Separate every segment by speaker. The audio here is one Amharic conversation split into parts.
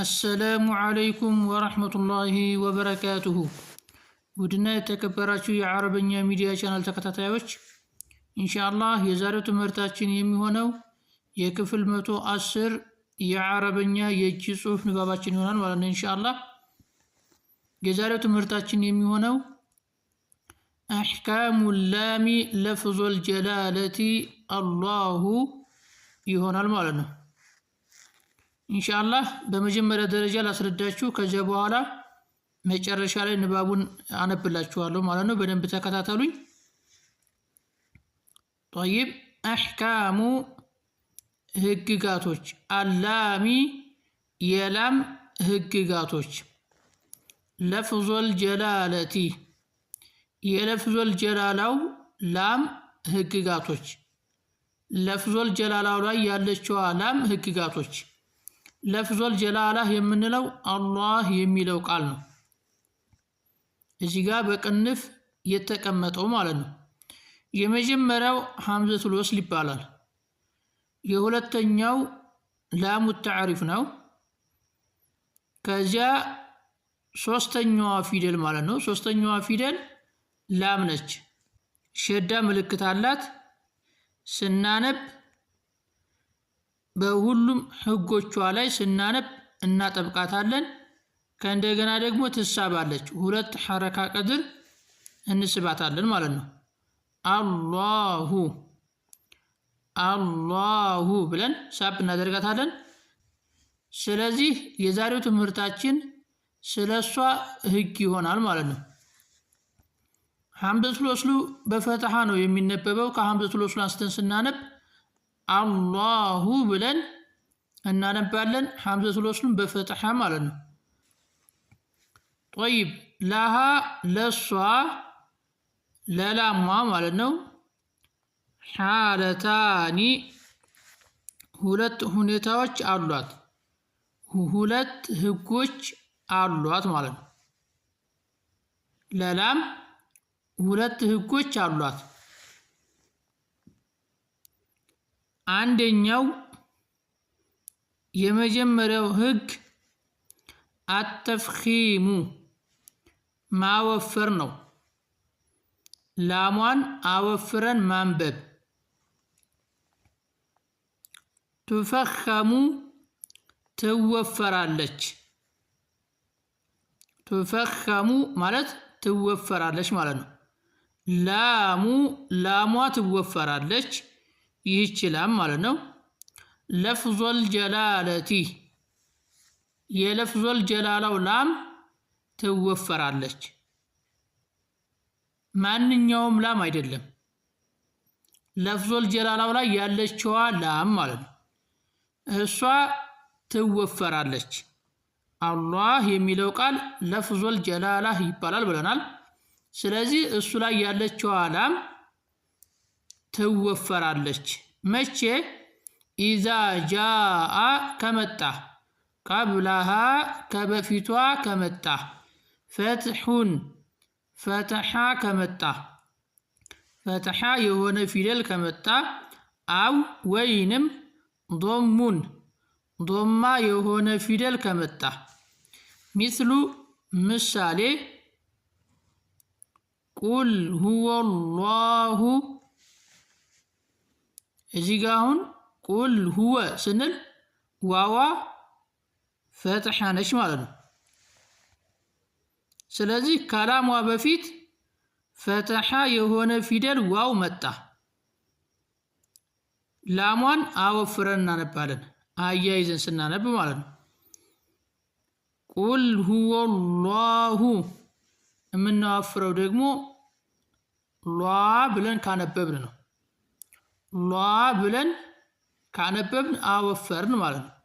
Speaker 1: አሰላሙ ዓለይኩም ወራህመቱላሂ ወበረካቱሁ። ውድና የተከበራችሁ የአረበኛ ሚዲያ ቻናል ተከታታዮች ኢንሻአላህ የዛሬው ትምህርታችን የሚሆነው የክፍል መቶ አስር የአረበኛ የእጅ ጽሑፍ ንባባችን ይሆናል ማለት ነው። ኢንሻአላህ የዛሬው ትምህርታችን የሚሆነው አሕካሙ ላሚ ለፍዞል ጀላለቲ አላሁ ይሆናል ማለት ነው። ኢንሻአላህ በመጀመሪያ ደረጃ ላስረዳችሁ፣ ከዚያ በኋላ መጨረሻ ላይ ንባቡን አነብላችኋለሁ ማለት ነው። በደንብ ተከታተሉኝ። ጠይብ አሕካሙ ህግጋቶች፣ አላሚ የላም ህግጋቶች፣ ለፍዞል ጀላለቲ የለፍዞል ጀላላው ላም ህግጋቶች፣ ለፍዞል ጀላላው ላይ ያለችዋ ላም ህግጋቶች ለፍዞል ጀላላህ የምንለው አላህ የሚለው ቃል ነው። እዚህ ጋር በቅንፍ የተቀመጠው ማለት ነው። የመጀመሪያው ሐምዘቱል ወስል ይባላል። የሁለተኛው ላሙ ተዕሪፍ ነው። ከዚያ ሶስተኛዋ ፊደል ማለት ነው። ሶስተኛዋ ፊደል ላም ነች። ሸዳ ምልክት አላት ስናነብ በሁሉም ህጎቿ ላይ ስናነብ እናጠብቃታለን። ከእንደገና ደግሞ ትሳባለች። ሁለት ሐረካ ቀድር እንስባታለን ማለት ነው። አላሁ አላሁ ብለን ሳብ እናደርጋታለን። ስለዚህ የዛሬው ትምህርታችን ስለ እሷ ህግ ይሆናል ማለት ነው። ሐምዘቱል ወስሉ በፈትሐ ነው የሚነበበው። ከሐምዘቱል ወስሉ አንስተን ስናነብ አላሁ ብለን እናነባለን። ሐምዘ ስሎስንም በፈትሐ ማለት ነው። ጠይብ ለሃ ለሷ ለላሟ ማለት ነው። ሓለታኒ ሁለት ሁኔታዎች አሏት፣ ሁለት ህጎች አሏት ማለት ነው። ለላም ሁለት ህጎች አሏት። አንደኛው የመጀመሪያው ህግ አተፍኺሙ ማወፈር ነው። ላሟን አወፍረን ማንበብ። ቱፈኸሙ ትወፈራለች። ቱፈኸሙ ማለት ትወፈራለች ማለት ነው። ላሙ ላሟ ትወፈራለች። ይችላል ማለት ነው። ለፍዞል ጀላለቲ የለፍዞል ጀላላው ላም ትወፈራለች። ማንኛውም ላም አይደለም፣ ለፍዞል ጀላላው ላይ ያለችዋ ላም ማለት ነው። እሷ ትወፈራለች። አላህ የሚለው ቃል ለፍዞል ጀላላህ ይባላል ብለናል። ስለዚህ እሱ ላይ ያለችዋ ላም ትወፈራለች። መቼ? ኢዛ ጃአ ከመጣ፣ ቀብላሃ ከበፊቷ ከመጣ፣ ፈትሑን ፈትሓ ከመጣ ፈትሓ የሆነ ፊደል ከመጣ፣ አው ወይንም ዶሙን ዶማ የሆነ ፊደል ከመጣ ሚስሉ ምሳሌ ቁል ሁወ ላሁ እዚህ ጋ አሁን ቁል ሁወ ስንል ዋዋ ፈትሐ ነች ማለት ነው። ስለዚህ ከላሟ በፊት ፈትሐ የሆነ ፊደል ዋው መጣ። ላሟን አወፍረን እናነባለን አያይዘን ስናነብ ማለት ነው። ቁል ሁወ ላሁ የምናወፍረው ደግሞ ሏ ብለን ካነበብን ነው። ሏ ብለን ካነበብን አወፈርን ማለት ነው።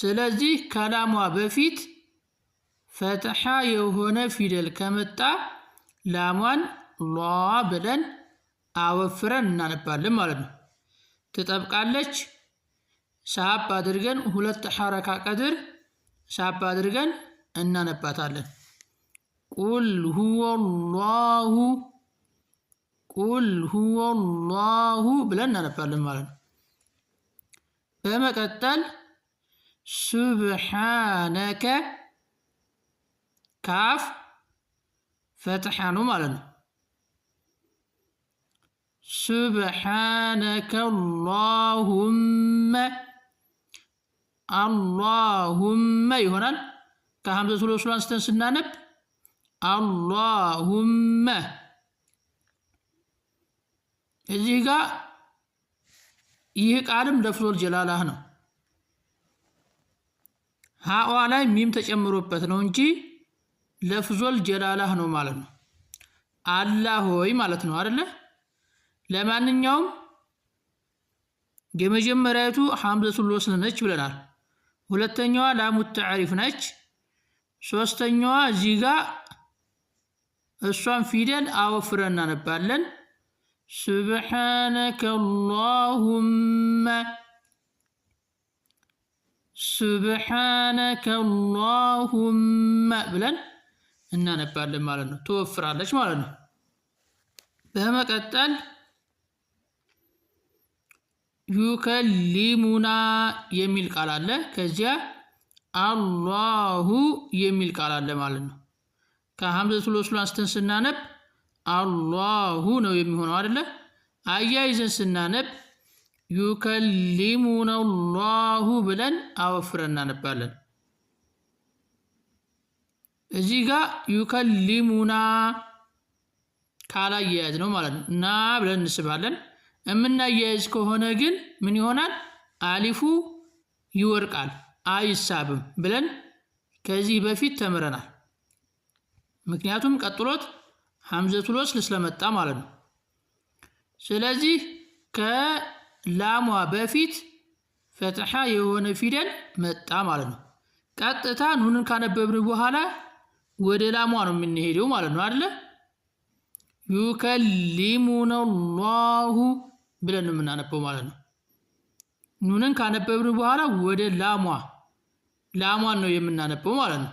Speaker 1: ስለዚህ ከላሟ በፊት ፈትሓ የሆነ ፊደል ከመጣ ላሟን ሏ ብለን አወፍረን እናነባለን ማለት ነው። ትጠብቃለች። ሳብ አድርገን ሁለት ሐረካ ቀድር ሳብ አድርገን እናነባታለን። ቁል ሁወ ላሁ قل هو الله بلن انا فعلم مالن بمكتل سبحانك كاف فتحانو مالن سبحانك اللهم اللهم يهنان كهامزة سلوسلان ستنسنانب اللهم اللهم እዚህ ጋር ይህ ቃልም ለፍሎል ጀላላህ ነው። ሀዋ ላይ ሚም ተጨምሮበት ነው እንጂ ለፍዞል ጀላላህ ነው ማለት ነው። አላህ ሆይ ማለት ነው አደለ። ለማንኛውም የመጀመሪያቱ ሐምዘቱል ወስል ነች ብለናል። ሁለተኛዋ ላሙ ተዕሪፍ ነች። ሶስተኛዋ እዚህ ጋ እሷን ፊደል አወፍረን እናነባለን። سبحانك اللهم سبحانك اللهم ብለን እናነባለን ማለት ነው። ትወፍራለች ማለት ነው። በመቀጠል ዩከሊሙና የሚል ቃል አለ። ከዚያ አላሁ የሚል ቃል አለ ማለት ነው። ከሀምዘቱል ወስል አንስተን ስናነብ አላሁ ነው የሚሆነው አይደለ? አያይዘን ስናነብ ዩከሊሙነ አላሁ ብለን አወፍረን እናነባለን። እዚህ ጋ ዩከሊሙና ካላያያዝ ነው ማለት ነው። እና ብለን እንስባለን። የምናያይዝ ከሆነ ግን ምን ይሆናል? አሊፉ ይወርቃል፣ አይሳብም ብለን ከዚህ በፊት ተምረናል። ምክንያቱም ቀጥሎት ሐምዘቱል ወስል ስለመጣ ማለት ነው። ስለዚህ ከላሟ በፊት ፈትሐ የሆነ ፊደል መጣ ማለት ነው። ቀጥታ ኑንን ካነበብን በኋላ ወደ ላሟ ነው የምንሄደው ማለት ነው አደለ? ዩከሊሙነ ላሁ ብለን ነው የምናነበው ማለት ነው። ኑንን ካነበብን በኋላ ወደ ላሟ ላሟን ነው የምናነበው ማለት ነው።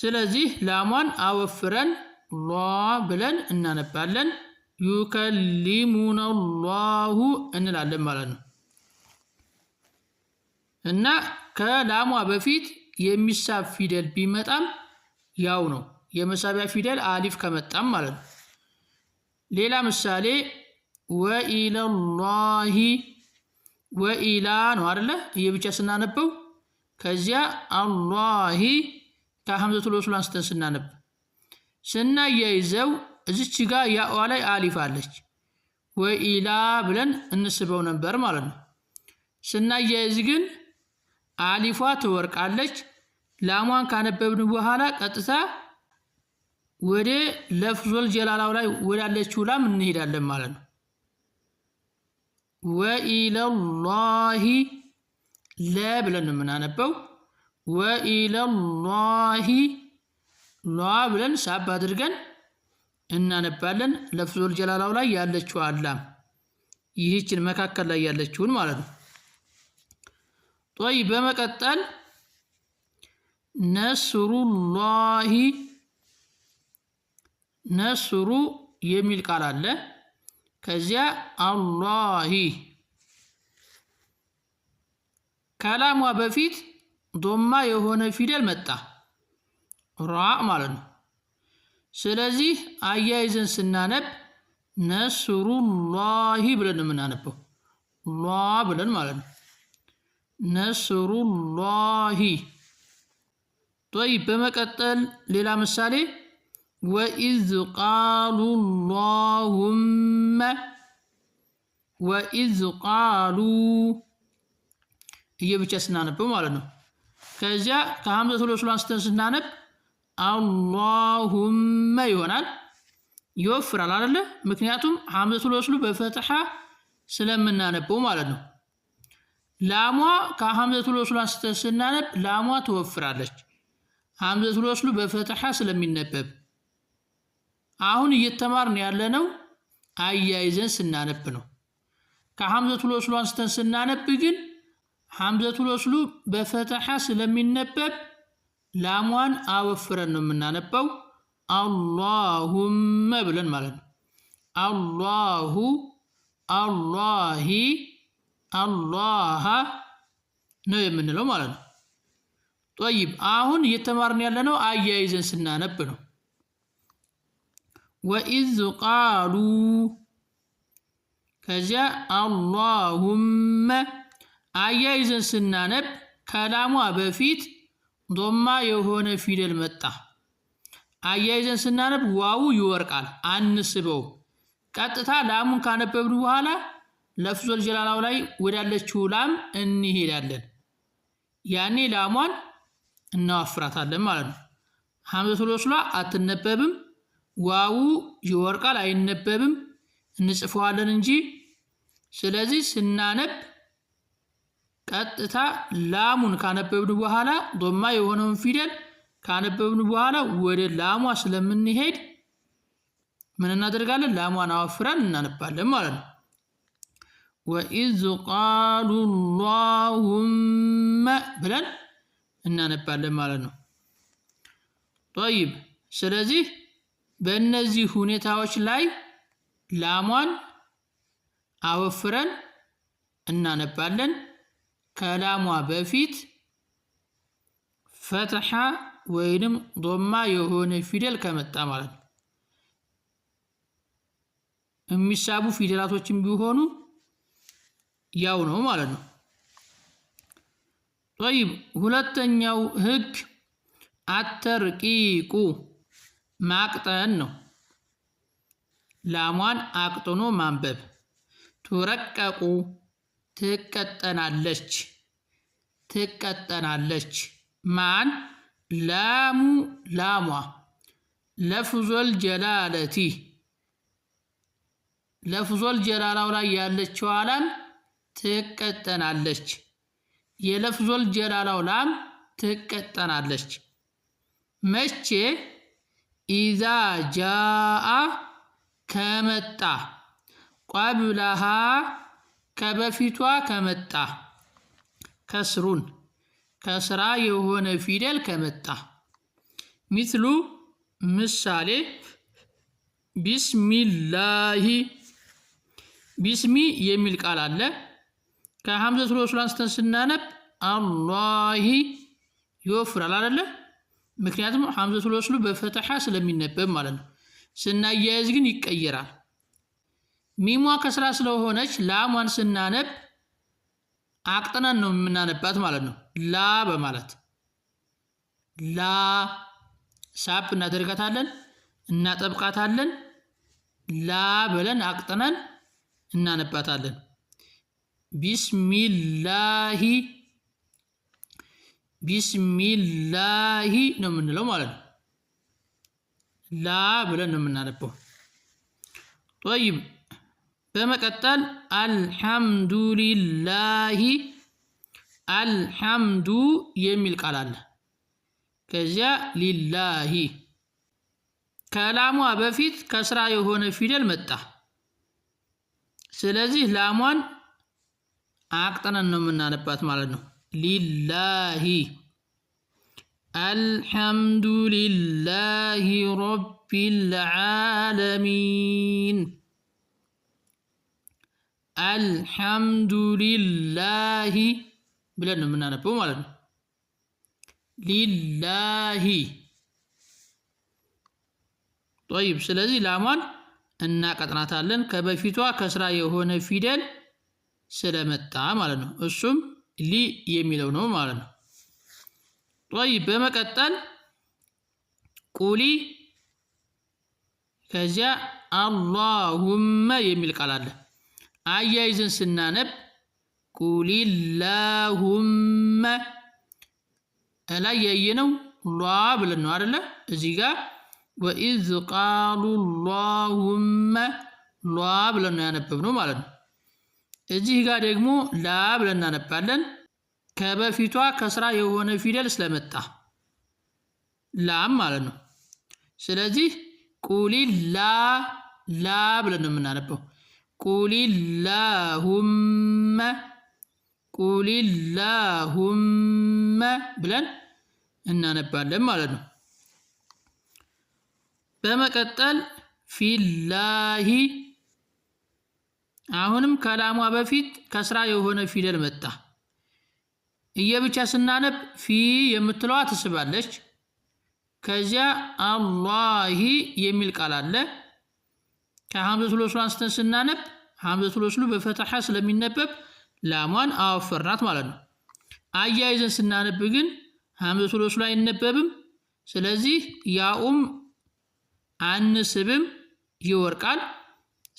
Speaker 1: ስለዚህ ላሟን አወፍረን ሏ ብለን እናነባለን። ዩከሊሙነ ሏሁ እንላለን ማለት ነው። እና ከላሟ በፊት የሚሳብ ፊደል ቢመጣም ያው ነው የመሳቢያ ፊደል አሊፍ ከመጣም ማለት ነው። ሌላ ምሳሌ ወኢለላሂ ወኢላ ነው አደለ? ይህ ብቻ ስናነበው ከዚያ አላሂ ከሐምዘቱል ወስል አንስተን ስናነብ ስናያይዘው እዚች ጋ ያዋ ላይ አሊፍ አለች። ወኢላ ብለን እንስበው ነበር ማለት ነው። ስናያይዝ ግን አሊፏ ትወርቃለች። ላሟን ካነበብን በኋላ ቀጥታ ወደ ለፍዞል ጀላላው ላይ ወዳለችው ላም እንሄዳለን ማለት ነው። ወኢለላሂ ለ ብለን የምናነበው ወኢለላሂ ሏ ብለን ሳብ አድርገን እናነባለን። ለፍዙል ጀላላው ላይ ያለችው አላም ይህችን መካከል ላይ ያለችውን ማለት ነው። ጦይ በመቀጠል ላሂ ነስሩ የሚል ቃል አለ። ከዚያ አላሂ ከላሟ በፊት ዶማ የሆነ ፊደል መጣ። ራ ማለት ነው። ስለዚህ አያይዘን ስናነብ ነስሩላሂ ብለን የምናነበው ላ ብለን ማለት ነው። ላሂ ጦይ። በመቀጠል ሌላ ምሳሌ ወኢዝ ቃሉ ላሁመ ወኢዝ ቃሉ እየብቻ ስናነበው ማለት ነው። ከዚያ ከሀምዘቱል ወስል አንስተን ስናነብ አላሁመ ይሆናል። ይወፍራል አይደለ? ምክንያቱም ሐምዘቱል ወስሉ በፈትሐ ስለምናነበው ማለት ነው። ላሟ ከሐምዘቱል ወስሉ አንስተን ስናነብ ላሟ ትወፍራለች። ሐምዘቱል ወስሉ በፈትሐ ስለሚነበብ አሁን እየተማርን ያለነው አያይዘን ስናነብ ነው። ከሐምዘቱል ወስሉ አንስተን ስናነብ ግን ሐምዘቱል ወስሉ በፈትሐ ስለሚነበብ ላሟን አወፍረን ነው የምናነባው። አላሁመ ብለን ማለት ነው። አላሁ፣ አላሂ፣ አላሃ ነው የምንለው ማለት ነው። ጠይብ አሁን እየተማርን ያለነው አያይዘን ስናነብ ነው። ወኢዝ ቃሉ ከዚያ አላሁመ አያይዘን ስናነብ ከላሟ በፊት ዶማ የሆነ ፊደል መጣ። አያይዘን ስናነብ ዋው ይወርቃል፣ አንስበው። ቀጥታ ላሙን ካነበብን በኋላ ለፍዞል ጀላላው ላይ ወዳለችው ላም እንሄዳለን። ያኔ ላሟን እናዋፍራታለን ማለት ነው። ሐምዘቱል ወስሏ አትነበብም። ዋው ይወርቃል አይነበብም፣ እንጽፈዋለን እንጂ። ስለዚህ ስናነብ ቀጥታ ላሙን ካነበብን በኋላ ዶማ የሆነውን ፊደል ካነበብን በኋላ ወደ ላሟ ስለምንሄድ ምን እናደርጋለን? ላሟን አወፍረን እናነባለን ማለት ነው። ወኢዝ ቃሉ ላሁመ ብለን እናነባለን ማለት ነው። ጠይብ ስለዚህ በእነዚህ ሁኔታዎች ላይ ላሟን አወፍረን እናነባለን። ከላሟ በፊት ፈትሓ ወይንም ዶማ የሆነ ፊደል ከመጣ ማለት ነው። የሚሳቡ ፊደላቶችን ቢሆኑ ያው ነው ማለት ነው። ጠይብ ሁለተኛው ህግ አተርቂቁ ማቅጠን ነው። ላሟን አቅጥኖ ማንበብ ቱረቀቁ ትቀጠናለች ትቀጠናለች። ማን ላሙ ላሟ ለፍዞል ጀላለቲ ለፍዞል ጀላላው ላይ ያለችው ላም ትቀጠናለች። የለፍዞል ጀላላው ላም ትቀጠናለች። መቼ ኢዛ ጃአ ከመጣ ቋብላሃ ከበፊቷ ከመጣ ከስሩን ከስራ የሆነ ፊደል ከመጣ ሚትሉ ምሳሌ ቢስሚላሂ ቢስሚ የሚል ቃል አለ። ከሐምዘት ሮሱል አንስተን ስናነብ አላሂ ይወፍራል አይደለ? ምክንያቱም ሐምዘት ሮሱሉ በፈተሓ ስለሚነበብ ማለት ነው። ስናያያዝ ግን ይቀየራል። ሚሟ ከስራ ስለሆነች ላሟን ስናነብ አቅጥነን ነው የምናነባት ማለት ነው። ላ በማለት ላ ሳፕ እናደርጋታለን፣ እናጠብቃታለን። ላ ብለን አቅጥነን እናነባታለን። ቢስሚላሂ ቢስሚላሂ ነው የምንለው ማለት ነው። ላ ብለን ነው የምናነበው። ጦይብ በመቀጠል አልሐምዱሊላሂ አልሐምዱ የሚል ቃል አለ። ከዚያ ሊላሂ ከላሟ በፊት ከስራ የሆነ ፊደል መጣ። ስለዚህ ላሟን አቅጥነን ነው የምናነባት ማለት ነው። ሊላሂ አልሐምዱሊላሂ ረቢል ዓለሚን አልሐምዱሊላሂ ብለን ነው የምናነበው ማለት ነው። ሊላሂ ጠይብ። ስለዚህ ላሟን እናቀጥናታለን ከበፊቷ ከስራ የሆነ ፊደል ስለመጣ ማለት ነው። እሱም ሊ የሚለው ነው ማለት ነው። ጠይብ። በመቀጠል ቁሊ ከዚያ አላሁመ የሚል ቃል አለ። አያይዘን ስናነብ ላሁመ እላይ ያየነው ሏ ብለን ነው አደለ? እዚ ጋ ወኢዝ ቃሉ ላሁመ ላ ብለን ነው ያነበብነው ማለት ነው። እዚህ ጋ ደግሞ ላ ብለን እናነባለን ከበፊቷ ከስራ የሆነ ፊደል ስለመጣ ላም ማለት ነው። ስለዚህ ቁሊላ ላ ብለን ነው የምናነበው። ቁሊላሁመ ቁሊላሁመ ብለን እናነባለን ማለት ነው። በመቀጠል ፊላሂ አሁንም ከላሟ በፊት ከስራ የሆነ ፊደል መጣ። እየብቻ ስናነብ ፊ የምትለዋ ትስባለች። ከዚያ አላሂ የሚል ቃል አለ። ሐምዘቱል ወስሉ አንስተን ስናነብ ሐምዘቱል ወስሉ በፈተሐ ስለሚነበብ ላሟን አወፈርናት ማለት ነው። አያይዘን ስናነብ ግን ሐምዘቱል ወስሉ አይነበብም። ስለዚህ ያኡም አንስብም ይወርቃል።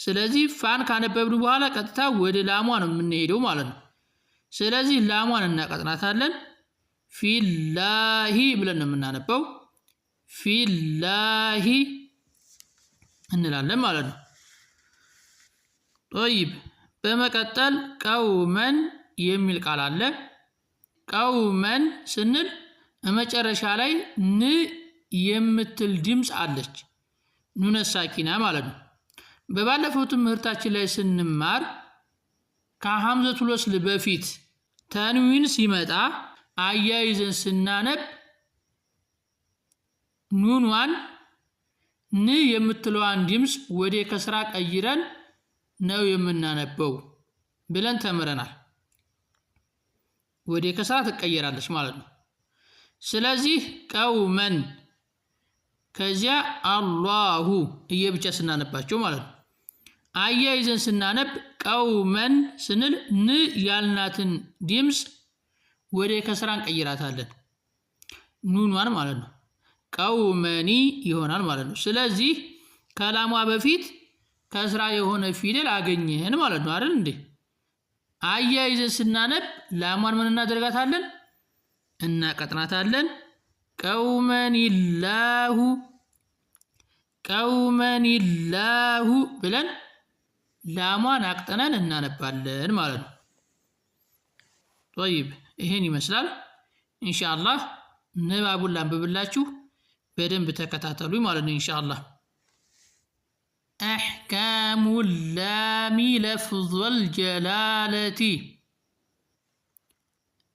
Speaker 1: ስለዚህ ፋን ካነበብን በኋላ ቀጥታ ወደ ላሟ ነው የምንሄደው ማለት ነው። ስለዚህ ላሟን እናቀጥናታለን። ፊላሂ ብለን ነው የምናነበው። ፊላሂ እንላለን ማለት ነው። ጦይብ በመቀጠል ቀውመን የሚል ቃል አለ። ቀውመን ስንል መጨረሻ ላይ ን የምትል ድምፅ አለች። ኑነ ማለት ነው። በባለፈው ትምህርታችን ላይ ስንማር ከሐምዘቱል ወስል በፊት ተንዊን ሲመጣ አያይዘን ስናነብ ኑኗን ን የምትለዋን ድምፅ ወደ ከስራ ቀይረን ነው የምናነበው ብለን ተምረናል። ወደ ከስራ ትቀየራለች ማለት ነው። ስለዚህ ቀውመን ከዚያ አላሁ እየብቻ ስናነባቸው ማለት ነው። አያይዘን ስናነብ ቀውመን ስንል ን ያልናትን ድምፅ ወደ ከስራ እንቀይራታለን። ኑኗን ማለት ነው። ቀውመኒ ይሆናል ማለት ነው። ስለዚህ ከላሟ በፊት ከስራ የሆነ ፊደል አገኘን ማለት ነው አይደል እንዴ? አያይዘን ስናነብ ላሟን ምን እናደርጋታለን? እናቀጥናታለን። ቀውመን ይላሁ ቀውመን ይላሁ ብለን ላሟን አቅጥነን እናነባለን ማለት ነው። ጠይብ ይሄን ይመስላል። ኢንሻአላህ ንባቡን ላንብብላችሁ። በደንብ ተከታተሉ ማለት ነው ኢንሻአላህ أحكام اللام لفظ الجلالة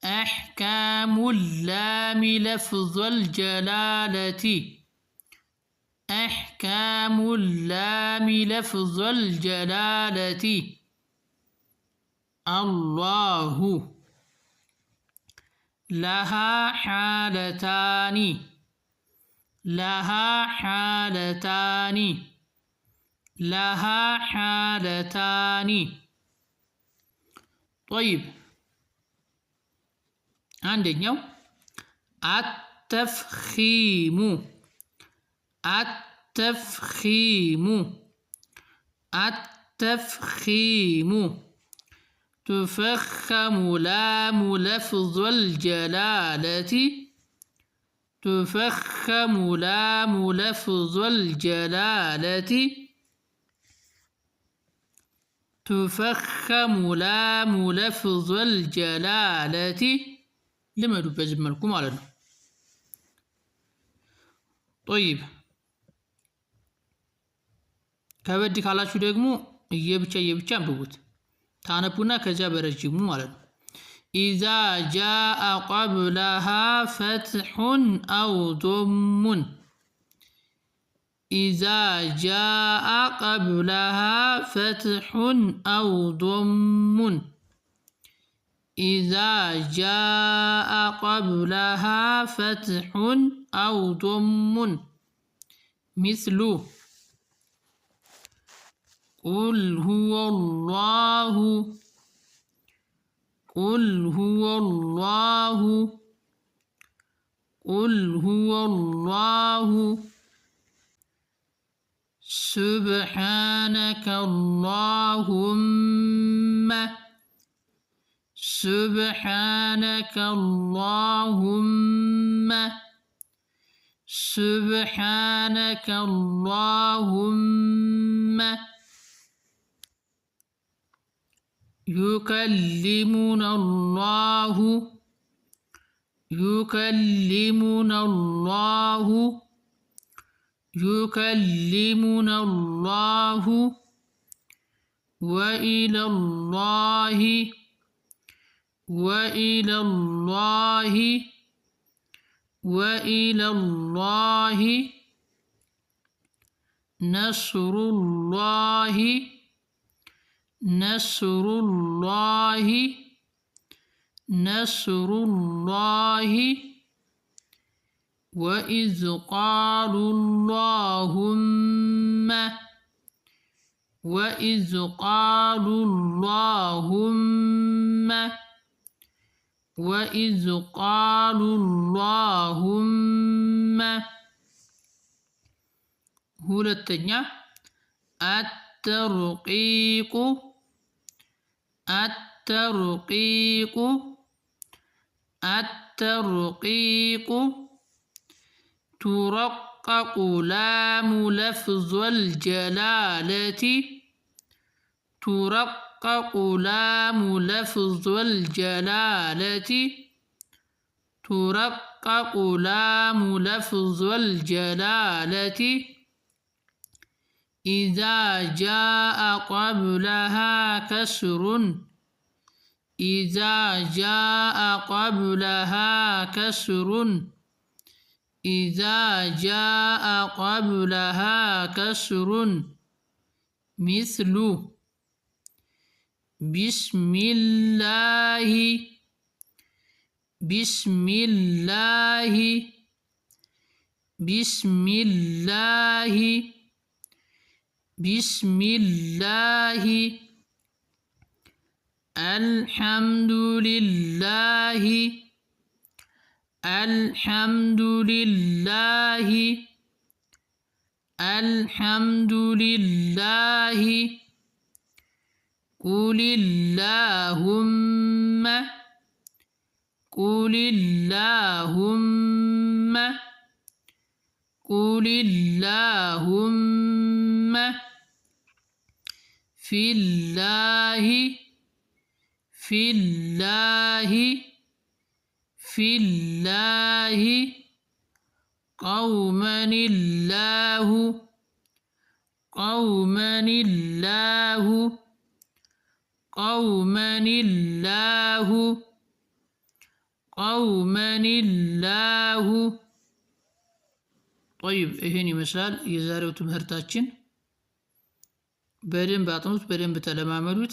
Speaker 1: أحكام اللام لفظ الجلالة أحكام اللام لفظ الجلالة الله لها حالتان لها حالتان لها حالتان طيب عندنا التفخيم التفخيم التفخيم تفخم لام لفظ الجلالة تفخم لام لفظ الجلالة ቱፈኸሙ ላሙ ለፍዙል ጀላለቲ ልመዱ። በዚህ መልኩ ማለት ነው። ጦይብ ከበድ ካላችሁ ደግሞ እየብቻ እየብቻ አንብቡት ታነቡና ከዚያ በረጅሙ ማለት ነው። ኢዛ ጃአ ቀብላሃ ፈትሑን አው ዶሙን إذا جاء قبلها فتح أو ضم إذا جاء قبلها فتح أو ضم مثل قل هو الله قل هو الله قل هو الله سبحانك اللهم سبحانك اللهم سبحانك اللهم يكلمنا الله يكلمنا الله يكلمنا الله وإلى الله وإلى الله وإلى الله نصر الله نصر الله نصر الله وإذ قالوا اللهم وإذ قالوا اللهم وإذ قالوا اللهم ሁለተኛ الترقيق الترقيق الترقيق ترقق لام لفظ الجلالة ترقق لام لفظ الجلالة ترقق لام لفظ الجلالة إذا جاء قبلها كسر إذا جاء قبلها كسر إذا جاء قبلها كسر مثل بسم الله بسم الله بسم الله بسم الله الحمد لله الحمد لله الحمد لله قل اللهم قل اللهم قل اللهم في الله في الله في الله قوما الله قوما الله قوما الله قوما الله طيب هني مثال يزارو تمهرتاتشن بدن باطنوت بدن بتلمامروت